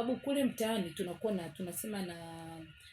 sababu kule mtaani tunakuwa na tunasema na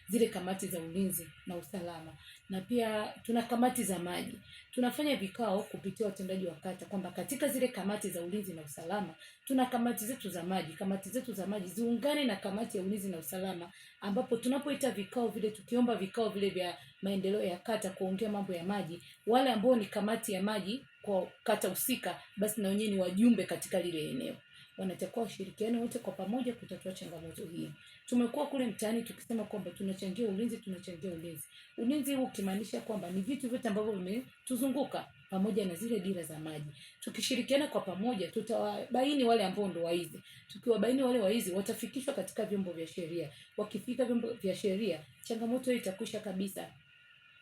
zile kamati za ulinzi na usalama, na pia tuna kamati za maji. Tunafanya vikao kupitia watendaji wa kata kwamba katika zile kamati za ulinzi na usalama tuna kamati zetu za maji. Kamati zetu za maji ziungane na kamati ya ulinzi na usalama, ambapo tunapoita vikao vile, tukiomba vikao vile vya maendeleo ya kata kuongea mambo ya maji, wale ambao ni kamati ya maji kwa kata husika, basi na wenyewe ni wajumbe katika lile eneo wanatakiwa washirikiane wote kwa pamoja kutatua changamoto hii. Tumekuwa kule mtaani tukisema kwamba tunachangia ulinzi, tunachangia ulinzi. Ulinzi huu ukimaanisha kwamba ni vitu vyote ambavyo vimetuzunguka pamoja na zile dira za maji. Tukishirikiana kwa pamoja, tutawabaini wale ambao ndo waizi. Tukiwabaini wale waizi, watafikishwa katika vyombo vya sheria. Wakifika vyombo vya sheria, changamoto hii itakwisha kabisa.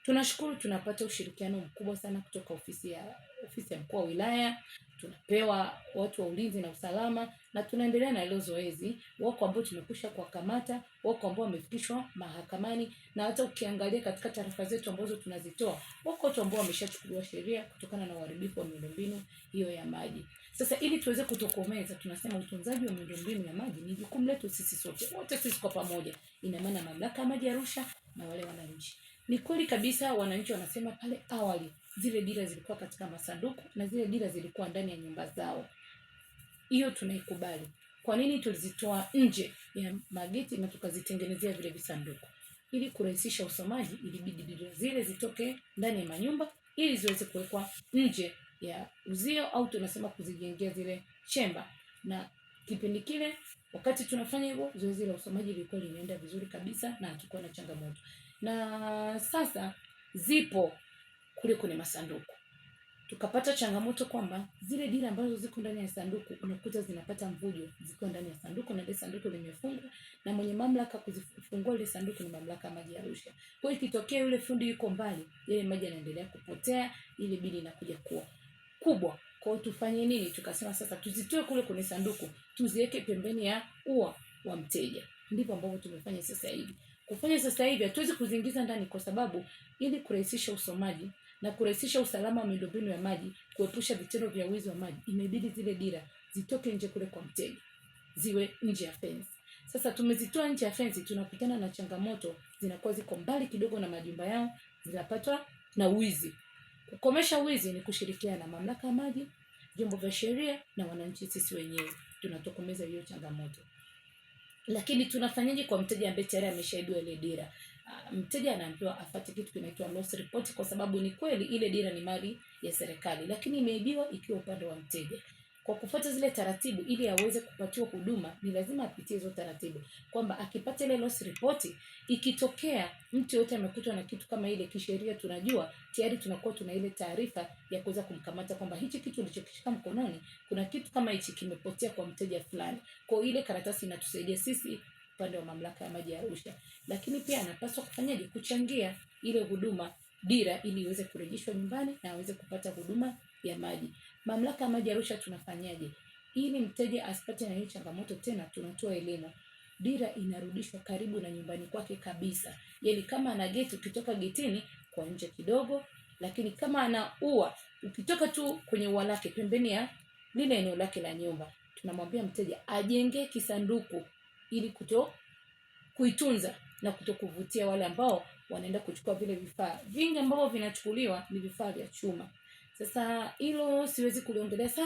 Tunashukuru tunapata ushirikiano mkubwa sana kutoka ofisi ya ofisi ya mkuu wa wilaya, tunapewa watu wa ulinzi na usalama, na tunaendelea na hilo zoezi. Wako ambao tumekwisha kuwakamata, wako ambao wamefikishwa mahakamani, na hata ukiangalia katika taarifa zetu ambazo tunazitoa, wako watu ambao wameshachukuliwa sheria kutokana na uharibifu wa miundombinu hiyo ya maji. Sasa ili tuweze kutokomeza, tunasema utunzaji wa miundombinu ya maji ni jukumu letu sisi sote, wote sisi kwa pamoja, ina maana mamlaka ya maji Arusha na wale wananchi. Ni kweli kabisa wananchi wanasema pale awali zile dira zilikuwa katika masanduku na zile dira zilikuwa ndani ya nyumba zao. Hiyo tunaikubali. Kwa nini tulizitoa nje ya mageti na tukazitengenezea vile visanduku? Ili kurahisisha usomaji, ilibidi dira zile zitoke ndani ya manyumba ili ziweze kuwekwa nje ya uzio, au tunasema kuzijengea zile chemba. Na kipindi kile wakati tunafanya hivyo, zoezi la usomaji lilikuwa linaenda vizuri kabisa na hakikuwa na changamoto na sasa zipo kule kwenye masanduku. Tukapata changamoto kwamba zile dira ambazo ziko ndani ya sanduku unakuta zinapata mvujo zikiwa ndani ya sanduku, na ile sanduku limefungwa, na mwenye mamlaka kuzifungua ile sanduku ni mamlaka maji ya Arusha. Kwa hiyo ikitokea yule fundi yuko mbali, ile maji yanaendelea kupotea, ile bili inakuja kuwa kubwa. Kwa hiyo tufanye nini? Tukasema sasa tuzitoe kule kwenye sanduku, tuziweke pembeni ya ua wa mteja. ndipo ambavyo tumefanya sasa hivi. Kufanya sasa hivi hatuwezi kuziingiza ndani, kwa sababu ili kurahisisha usomaji na kurahisisha usalama wa miundombinu ya maji, kuepusha vitendo vya uwizi wa maji, imebidi zile dira zitoke nje kule kwa mteja, ziwe nje ya fence. Sasa tumezitoa nje ya fence, tunakutana na changamoto, zinakuwa ziko mbali kidogo na majumba yao, zinapatwa na uwizi Kukomesha uwizi ni kushirikiana na mamlaka ya maji, vyombo vya sheria na wananchi. Sisi wenyewe tunatokomeza hiyo changamoto. Lakini tunafanyaje kwa mteja ambaye tayari ameshaidiwa ile dira? Mteja anaambiwa afate kitu kinaitwa loss report, kwa sababu ni kweli ile dira ni mali ya serikali, lakini imeibiwa ikiwa upande wa mteja kwa kufuata zile taratibu, ili aweze kupatiwa huduma, ni lazima apitie hizo taratibu, kwamba akipata ile loss report, ikitokea mtu yote amekutwa na kitu kama ile, kisheria tunajua tayari tunakuwa tuna ile taarifa ya kuweza kumkamata kwamba hichi kitu ulichokishika mkononi, kuna kitu kama hichi kimepotea kwa mteja fulani. Kwa ile karatasi inatusaidia sisi upande wa mamlaka ya maji ya Arusha, lakini pia anapaswa kufanyaje? Kuchangia ile huduma dira, ili iweze kurejeshwa nyumbani na aweze kupata huduma ya maji. Mamlaka ya maji Arusha tunafanyaje ili mteja asipate na hiyo changamoto tena? Tunatoa elimu, dira inarudishwa karibu na nyumbani kwake kabisa. yaani kama ana geti, ukitoka getini kwa nje kidogo, lakini kama ana ua, ukitoka tu kwenye ua lake, pembeni ya lile eneo lake la nyumba, tunamwambia mteja ajenge kisanduku ili kuto kuitunza na kutokuvutia wale ambao wanaenda kuchukua vile vifaa vingi ambavyo vinachukuliwa ni vifaa vya chuma. Sasa hilo siwezi kuliongelea sana.